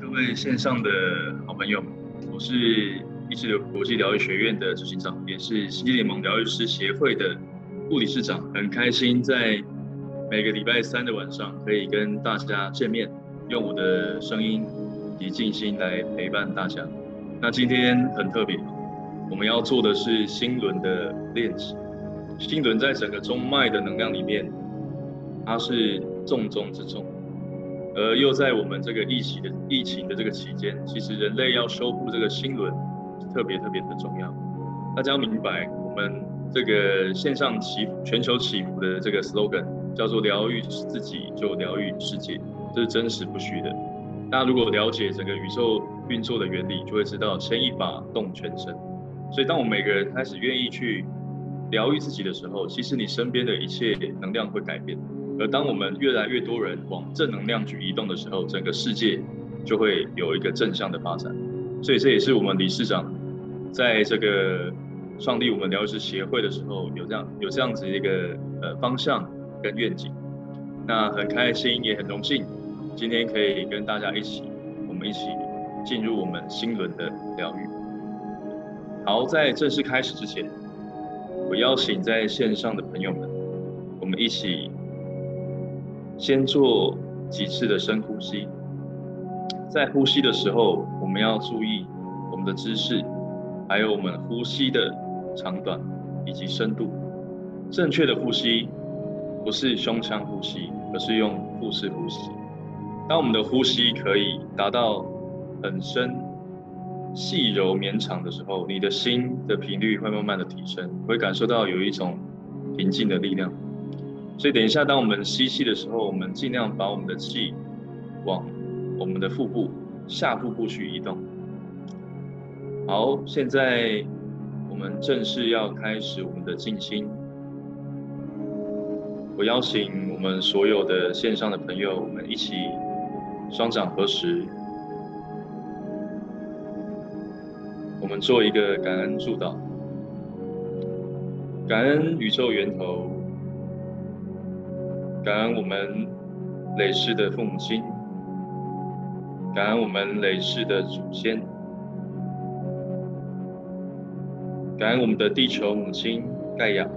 各位線上的好朋友，我是藝識流國際療癒學院的執行長，也是星際聯盟療癒師協會的副理事長，很開心在每個禮拜三的晚上可以跟大家見面，用我的聲音以及靜心來陪伴大家。那今天很特別，我們要做的是心輪的練習。心輪在整個中脈的能量裡面，它是重中之重。而又在我們這個疫情的疫情的這個期間，其實人類要修復這個心輪，是特別特別的重要。大家明白，我們這個線上祈全球祈福的這個 slogan 叫做“療癒自己就療癒世界”，這是真實不虛的。大家如果了解整個宇宙運作的原理，就會知道“牽一髮動全身”。所以，當我們每個人開始願意去療癒自己的時候，其實你身邊的一切能量會改變。而當我們越來越多人往正能量去移動的時候，整個世界就會有一個正向的發展。所以這也是我們理事長在這個創立我們療癒師協會的時候，有這樣有這樣子一個呃方向跟願景。那很開心，也很榮幸，今天可以跟大家一起，我們一起進入我們心輪的療癒。好，在正式開始之前，我邀請在線上的朋友們，我們一起。先做幾次的深呼吸，在呼吸的時候，我們要注意我們的姿勢，還有我們呼吸的長短以及深度。正確的呼吸不是胸腔呼吸，而是用腹式呼吸。當我們的呼吸可以達到很深、細柔、綿長的時候，你的心的頻率會慢慢的提升，會感受到有一種平靜的力量。所以，等一下，當我們吸氣的時候，我們盡量把我們的氣往我們的腹部、下腹部去移動。好，現在我們正式要開始我們的靜心。我邀請我們所有的線上的朋友，我們一起雙掌合十，我們做一個感恩祝禱，感恩宇宙源頭。感恩我們累世的父母親，感恩我們累世的祖先，感恩我們的地球母親蓋亞，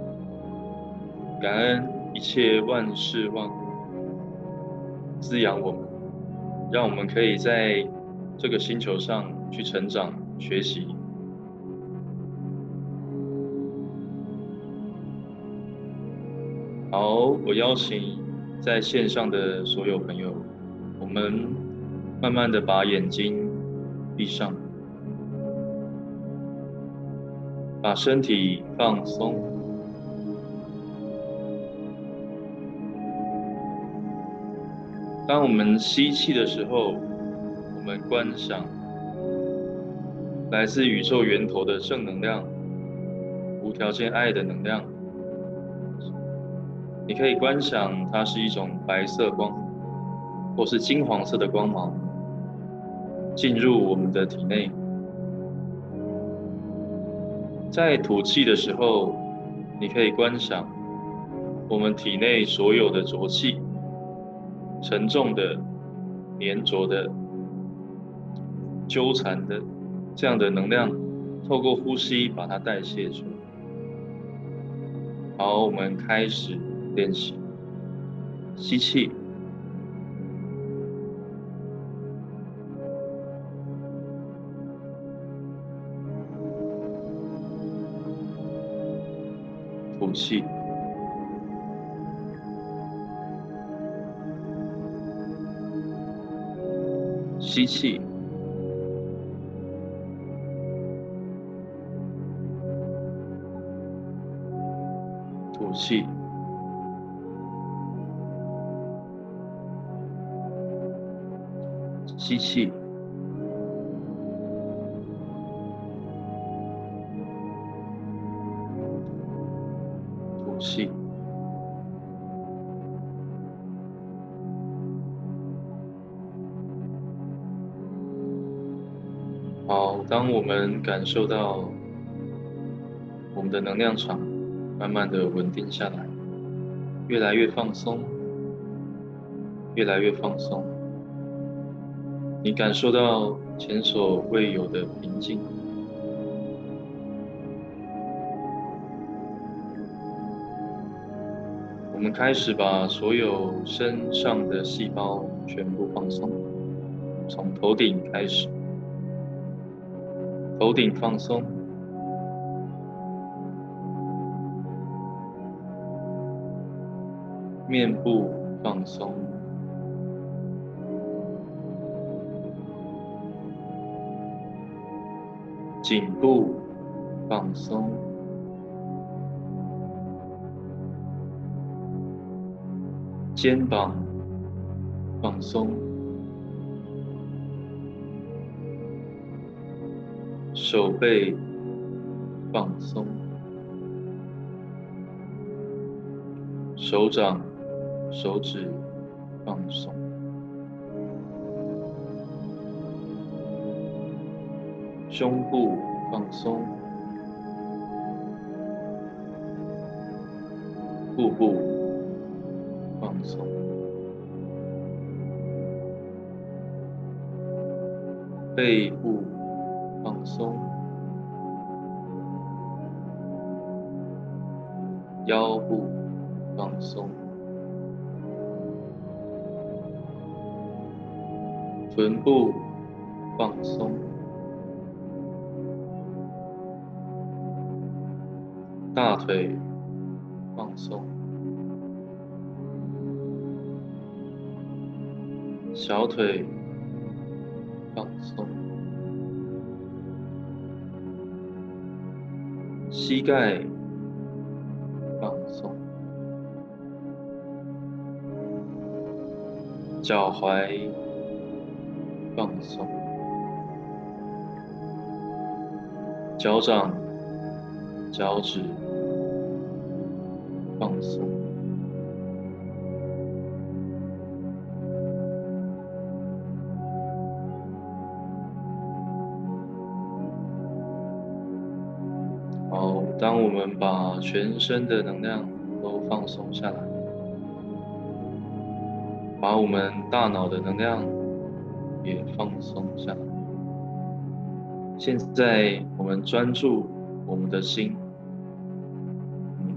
感恩一切萬事萬物滋養我們，讓我們可以在這個星球上去成長、學習。好，我邀請在線上的所有朋友，我們慢慢的把眼睛閉上，把身體放鬆。當我們吸氣的時候，我們觀想來自宇宙源頭的正能量，無條件愛的能量。你可以觀想它是一種白色光，或是金黃色的光芒進入我們的體內。在吐氣的時候，你可以觀想我們體內所有的濁氣、沉重的、黏着的、糾纏的這樣的能量，透過呼吸把它代謝出來。好，我們開始。練習，吸氣，吐氣，吸氣，吐氣。吸氣，呼氣，好。當我們感受到我們的能量場慢慢的穩定下來，越來越放鬆，越來越放鬆。你感受到前所未有的平靜。我們開始把所有身上的細胞全部放鬆，從頭頂開始，頭頂放鬆，面部放鬆。頸部放鬆，肩膀放鬆，手背放鬆，手掌、手指放鬆。胸部放鬆，腹部放鬆，背部放鬆，腰部放鬆，臀部放鬆。大腿放鬆，小腿放鬆，膝蓋放鬆，腳踝放鬆，腳掌、腳趾。放鬆。好，當我們把全身的能量都放鬆下來，把我們大腦的能量也放鬆下來。現在，我們專注我們的心。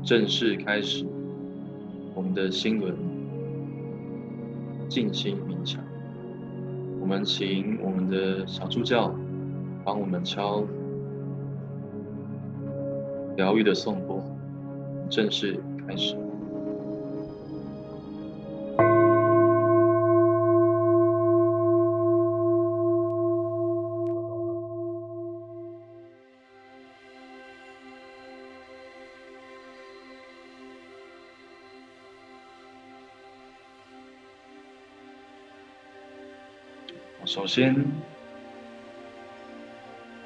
正式開始，我們的心輪，靜心冥想。我們請我們的小助教幫我們敲療癒的頌缽，正式開始。首先，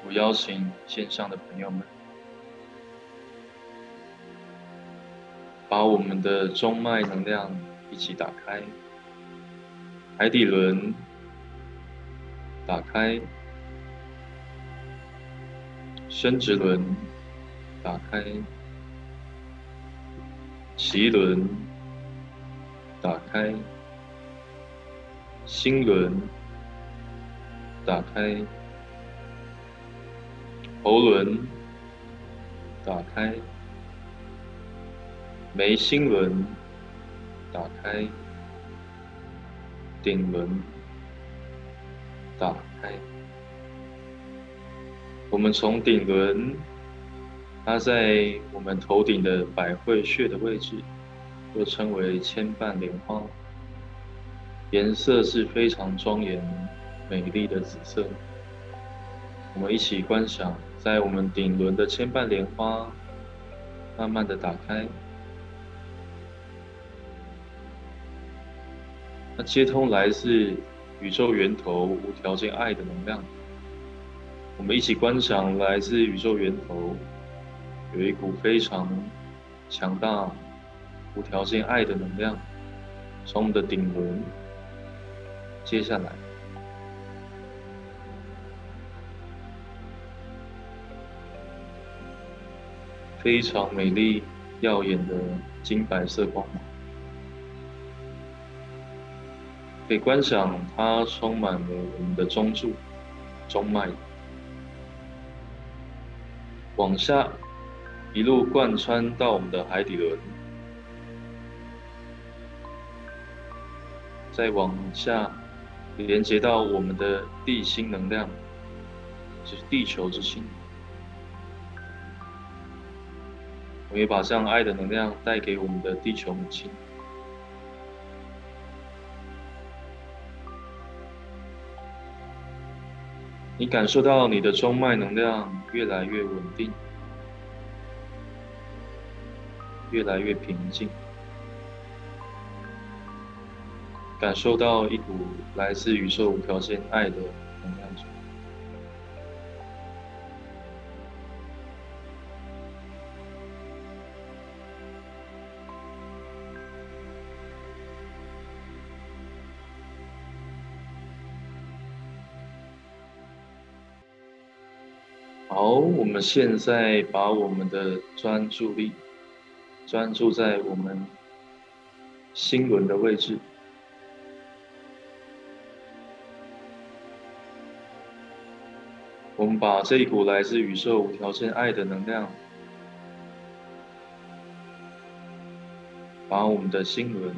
我邀請線上的朋友們，把我們的中脈能量一起打開，海底輪打開，生殖輪打開，臍輪打開，心輪，打開喉輪，打開眉心輪，打開頂輪，打開。我們從頂輪，它在我們頭頂的百會穴的位置，又稱為千瓣蓮花，顏色是非常莊嚴美麗的紫色，我們一起觀想，在我們頂輪的千瓣蓮花慢慢的打開，那接通來自宇宙源頭無條件愛的能量。我們一起觀想，來自宇宙源頭，有一股非常強大，無條件愛的能量，從我們的頂輪接下來。非常美麗、耀眼的金白色光芒，可以觀想它充滿了我們的中柱、中脈，往下一路貫穿到我們的海底輪，再往下連接到我們的地心能量，就是地球之心。我們也把這樣愛的能量帶給我們的地球母親。你感受到你的中脈能量越來越穩定，越來越平靜，感受到一股來自宇宙無條件愛的能量。好，我們現在把我們的專注力專注在我們心輪的位置。我們把這一股來自宇宙無條件愛的能量，把我們的心輪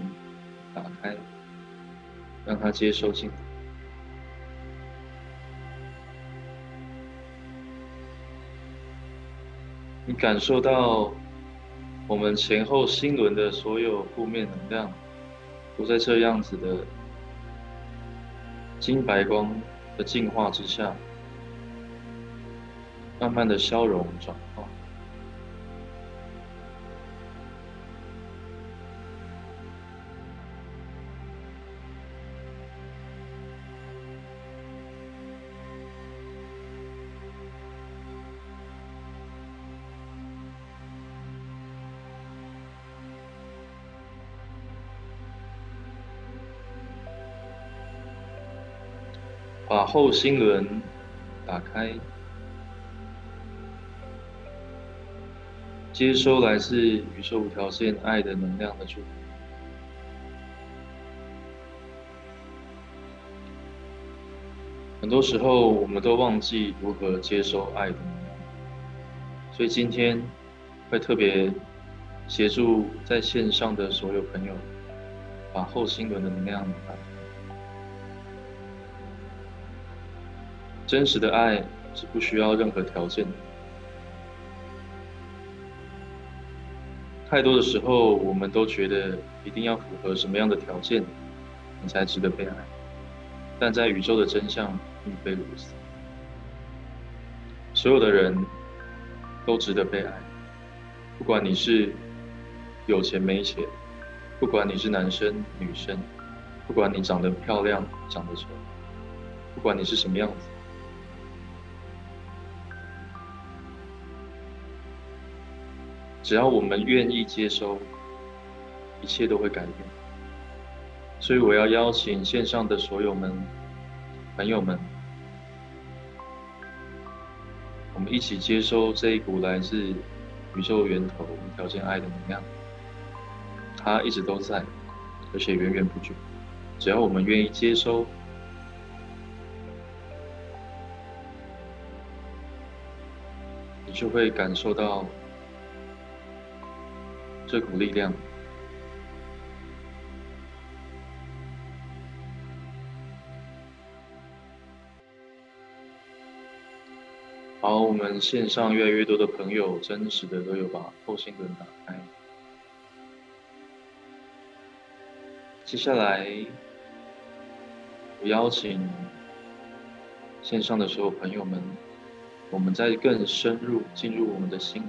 打開，讓它接收進來。你感受到，我們前後心輪的所有負面能量，都在這樣子的金白光的淨化之下，慢慢的消融轉化。把後心輪打開，接收來自宇宙無條件愛的能量的祝福。很多時候，我們都忘記如何接收愛的能量，所以今天會特別協助在線上的所有朋友，把後心輪的能量打開。真實的愛是不需要任何條件的。太多的時候，我們都覺得一定要符合什麼樣的條件，你才值得被愛。但在宇宙的真相並非如此，所有的人都值得被愛，不管你是有錢沒錢，不管你是男生女生，不管你長得漂亮長得醜，不管你是什麼樣子。只要我們願意接收，一切都會改變。所以，我要邀請線上的所有們、朋友們，我們一起接收這一股來自宇宙源頭、無條件愛的能量。它一直都在，而且源源不絕。只要我們願意接收，你就會感受到。這股力量，好，我們線上越來越多的朋友，真實的都有把後心輪打開。接下來，我邀請線上的所有朋友們，我們再更深入，進入我們的心。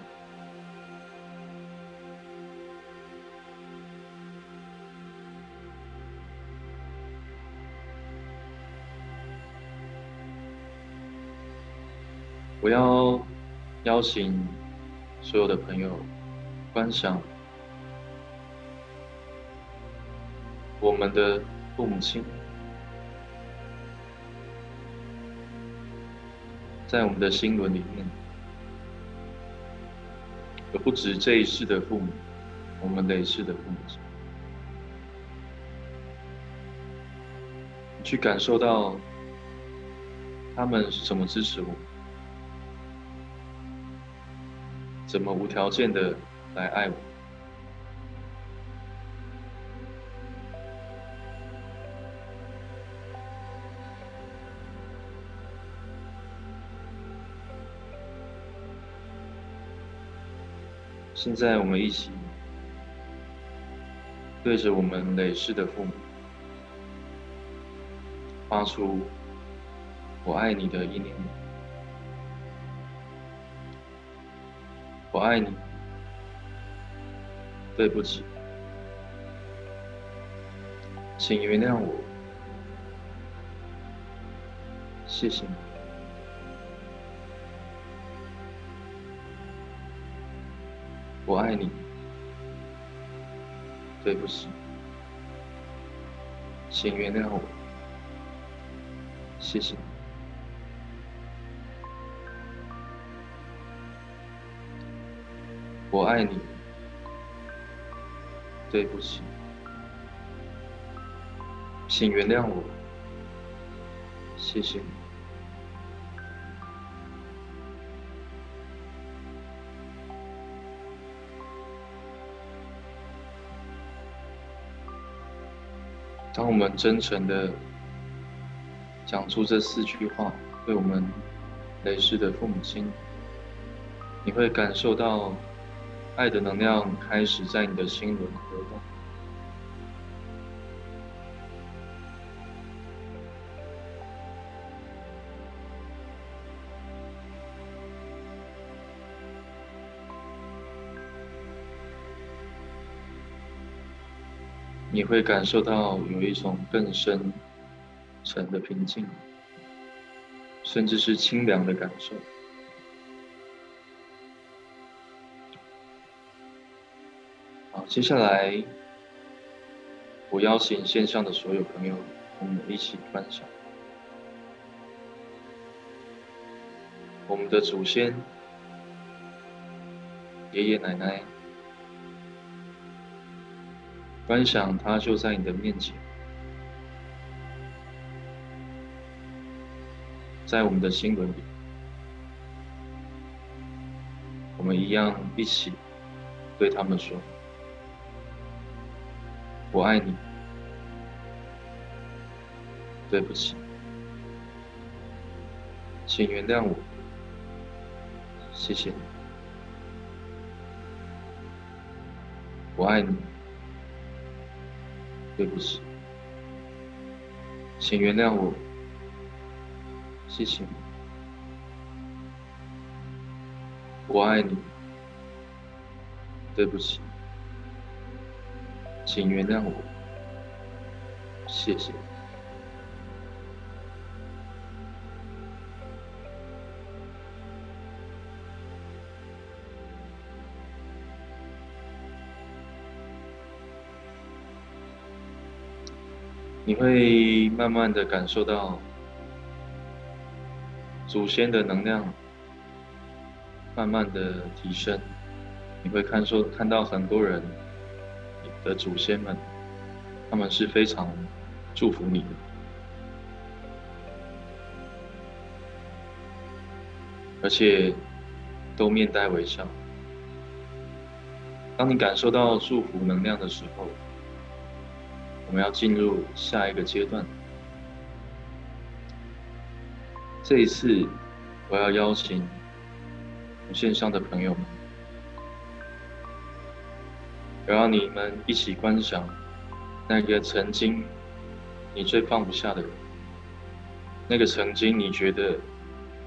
我要邀請所有的朋友，觀想我們的父母親，在我們的心輪裡面，而不止這一世的父母，我們累世的父母親，去感受到他們是怎麼支持我。怎麼無條件的來愛我？現在我們一起對着我們累世的父母，發出我愛你的一念。我愛你，對不起，請原諒我，謝謝你。我愛你，對不起，請原諒我，謝謝你。我愛你，對不起，請原諒我，謝謝你。當我們真誠地講出這四句話，對我們累世的父母親，你會感受到。愛的能量開始在你的心輪流動，你會感受到有一種更深沉的平靜，甚至是清涼的感受。接下來，我邀請線上的所有朋友，我們一起觀想我們的祖先、爺爺奶奶，觀想他就在你的面前，在我們的心輪裡，我們一樣一起對他們說。我愛你，對不起，請原諒我，謝謝你。我愛你，對不起，請原諒我，謝謝你。我愛你，對不起。請原諒我，謝謝。你會慢慢的感受到祖先的能量，慢慢的提升。你會看說，看到很多人，的祖先們，他們是非常祝福你的，而且都面帶微笑。當你感受到祝福能量的時候，我們要進入下一個階段。這一次，我要邀請我線上的朋友們。然後你們一起觀想，那個曾經你最放不下的人，那個曾經你覺得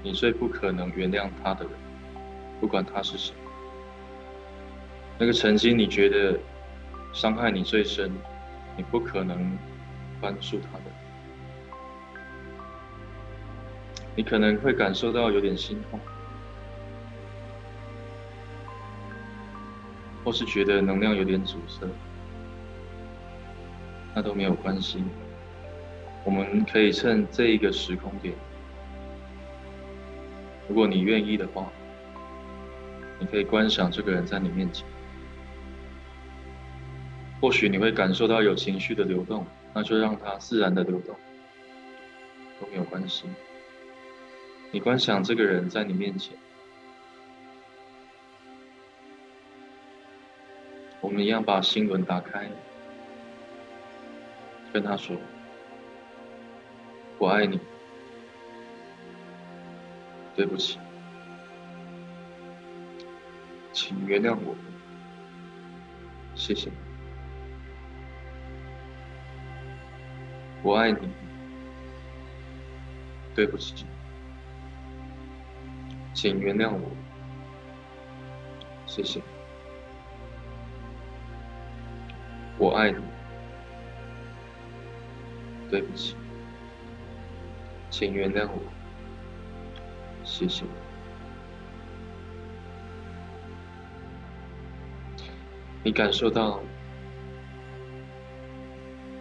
你最不可能原諒他的人，不管他是誰，那個曾經你覺得傷害你最深，你不可能寬恕他的，你可能會感受到有點心痛。或是覺得能量有點阻塞，那都沒有關係。我們可以趁這一個時空點，如果你願意的話，你可以觀想這個人在你面前。或許你會感受到有情緒的流動，那就讓它自然的流動，都沒有關係。你觀想這個人在你面前。一樣把心門打開，跟他說：“我愛你，對不起，請原諒我，謝謝，我愛你，對不起，請原諒我，謝謝。”我愛你，對不起，請原諒我，謝謝你。你感受到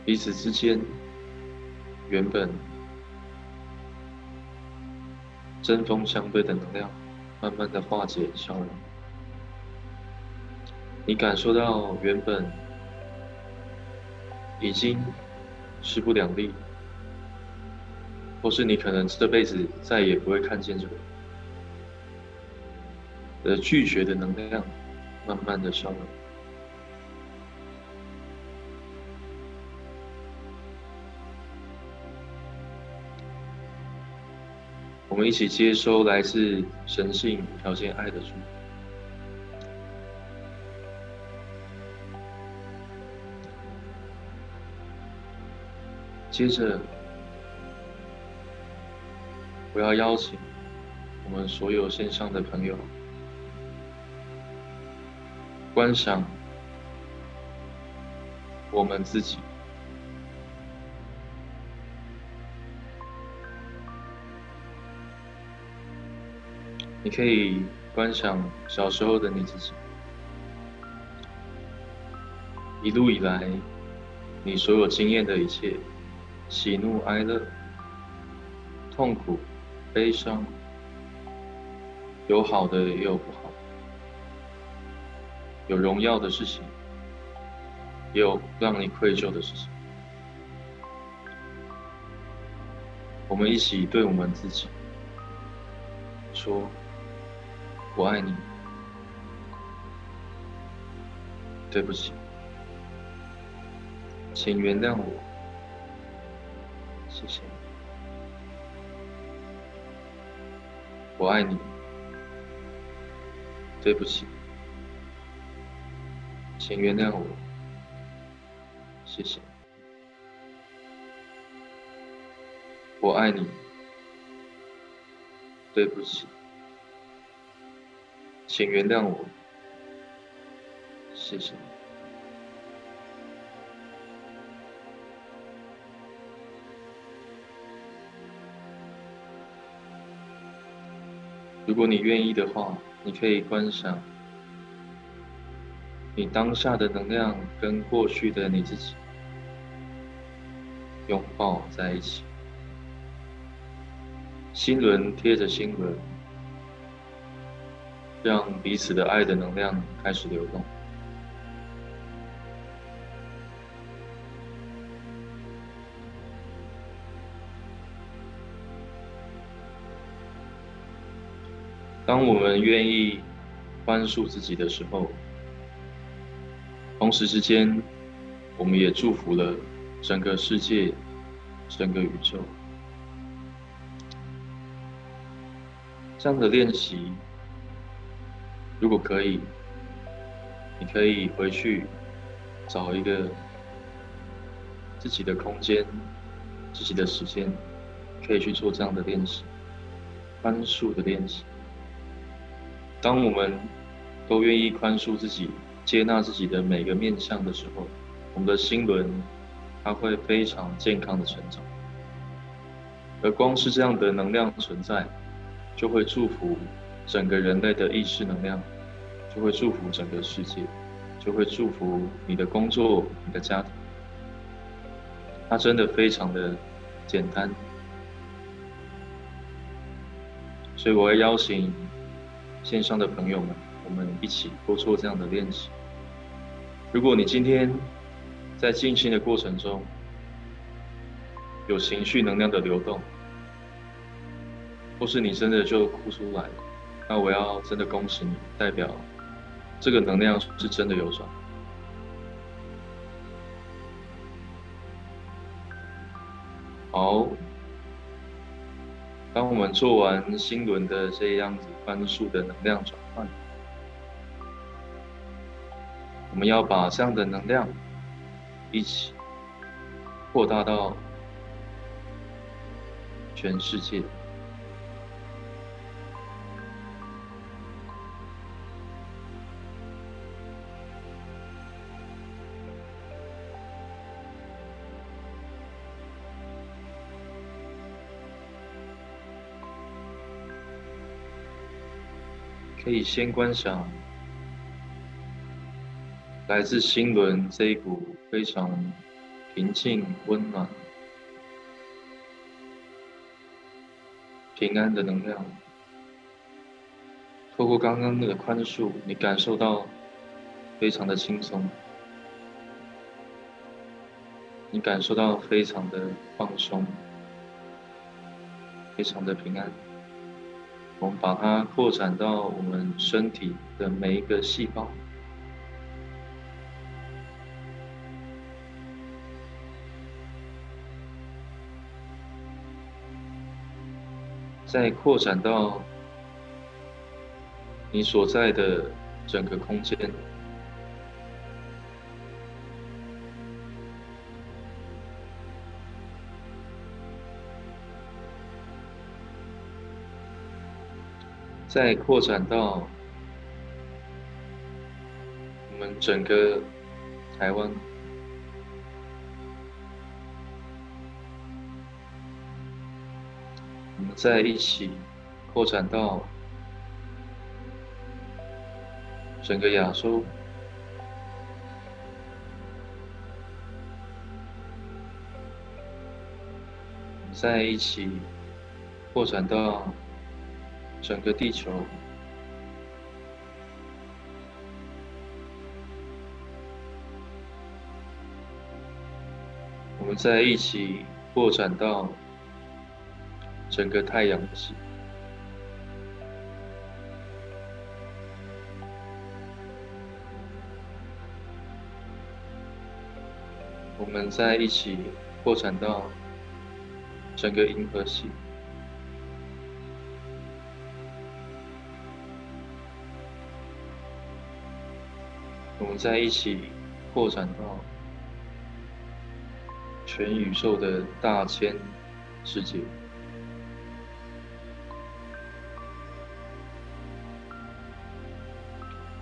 彼此之間原本針鋒相對的能量，慢慢的化解消融。你感受到原本。已經勢不兩立，或是你可能這輩子再也不會看見這個人，拒絕的能量慢慢的消融，我們一起接收來自神性無條件愛的祝福。接着，我要邀請我們所有線上的朋友觀想我們自己。你可以觀想小時候的你自己，一路以來你所有經驗的一切。喜怒哀樂、痛苦、悲傷，有好的也有不好，有榮耀的事情，也有讓你愧疚的事情。我們一起對我們自己說：“我愛你，對不起，請原諒我。”我愛你，對不起，請原諒我，謝謝你。我愛你，對不起，請原諒我，謝謝你。如果你願意的話，你可以觀賞你當下的能量跟過去的你自己擁抱在一起，心輪貼着心輪，讓彼此的愛的能量開始流動。當我們願意寬恕自己的時候，同時之間，我們也祝福了整個世界、整個宇宙。這樣的練習，如果可以，你可以回去找一個自己的空間、自己的時間，可以去做這樣的練習——寬恕的練習。當我們都願意寬恕自己、接納自己的每個面向的時候，我們的心輪它會非常健康的成長。而光是這樣的能量存在，就會祝福整個人類的意識能量，就會祝福整個世界，就會祝福你的工作、你的家庭。它真的非常的簡單，所以我會邀請。線上的朋友們，我們一起多做這樣的練習。如果你今天在進行的過程中有情緒能量的流動，或是你真的就哭出來了，那我要真的恭喜你，代表這個能量是真的流轉。好。當我們做完心輪的這樣子翻轉的能量轉換，我們要把這樣的能量一起擴大到全世界。可以先觀想來自心輪這一股非常平靜、溫暖、平安的能量。透過剛剛那個寬恕，你感受到非常的輕鬆，你感受到非常的放鬆，非常的平安。我們把它擴展到我們身體的每一個細胞，再擴展到你所在的整個空間。再擴展到我們整個台灣，我們在一起擴展到整個亞洲，我們在一起擴展到整個地球，我們再一起擴展到整個太陽系，我們再一起擴展到整個銀河系。在一起，擴展到全宇宙的大千世界。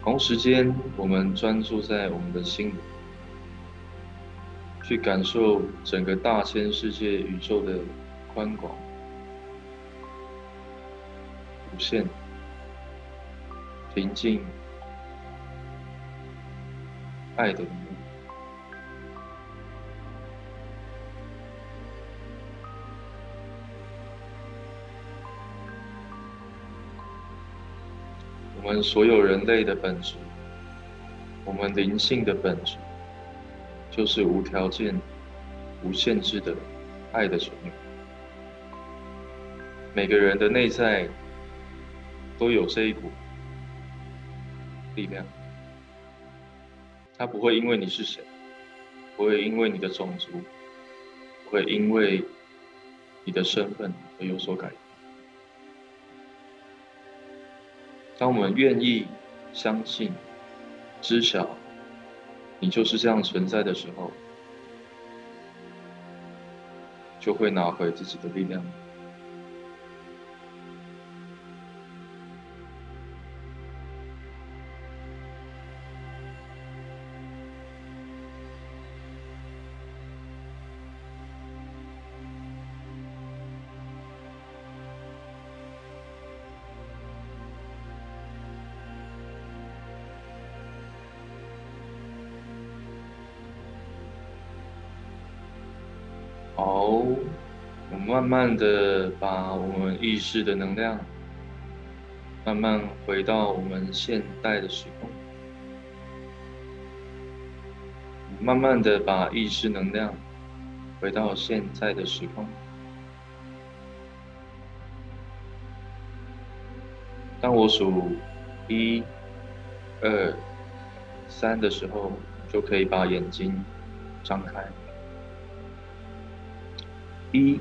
同時間，我們專注在我們的心裡，去感受整個大千世界宇宙的寬廣、無限、平靜。愛的能力，我們所有人類的本質，我們靈性的本質，就是無條件、無限制的愛的存有。每個人的內在都有這一股力量。他不會因為你是誰，不會因為你的種族，不會因為你的身份而有所改變。當我們願意相信、知曉，你就是這樣存在的時候，就會拿回自己的力量。慢慢的把我們意識的能量慢慢回到我們現代的時空。慢慢的把意識能量回到現在的時空。當我數一、二、三的時候，就可以把眼睛張開。一。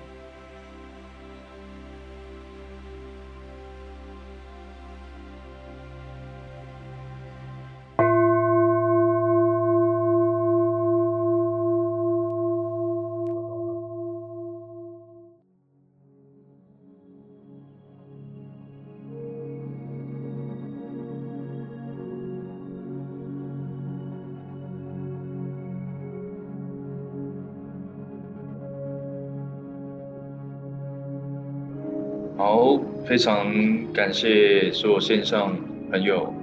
非常感謝所有線上朋友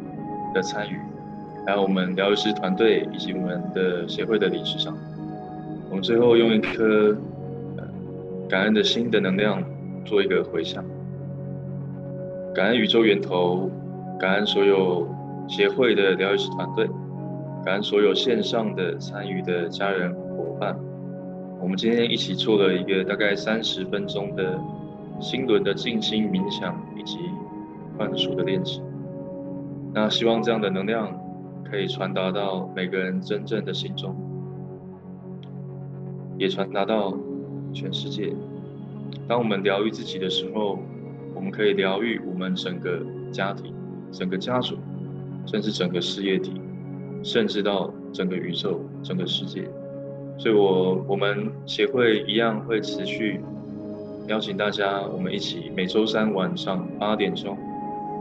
的參與，還有我們療癒師團隊以及我們的協會的理事長。我們最後用一顆感恩的心的能量做一個回向，感恩宇宙源頭，感恩所有協會的療癒師團隊，感恩所有線上的參與的家人和夥伴。我們今天一起做了一個大概三十分鐘的。心輪的靜心冥想以及幻術的練習，那希望這樣的能量可以傳達到每個人真正的心中，也傳達到全世界。當我們療癒自己的時候，我們可以療癒我們整個家庭、整個家族，甚至整個事業體，甚至到整個宇宙、整個世界。所以我，我我們協會一樣會持續。邀請大家，我們一起每周三晚上八點鐘，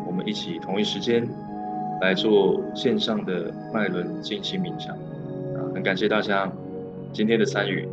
我們一起同一時間來做線上的脈輪靜心冥想。啊，很感謝大家今天的參與。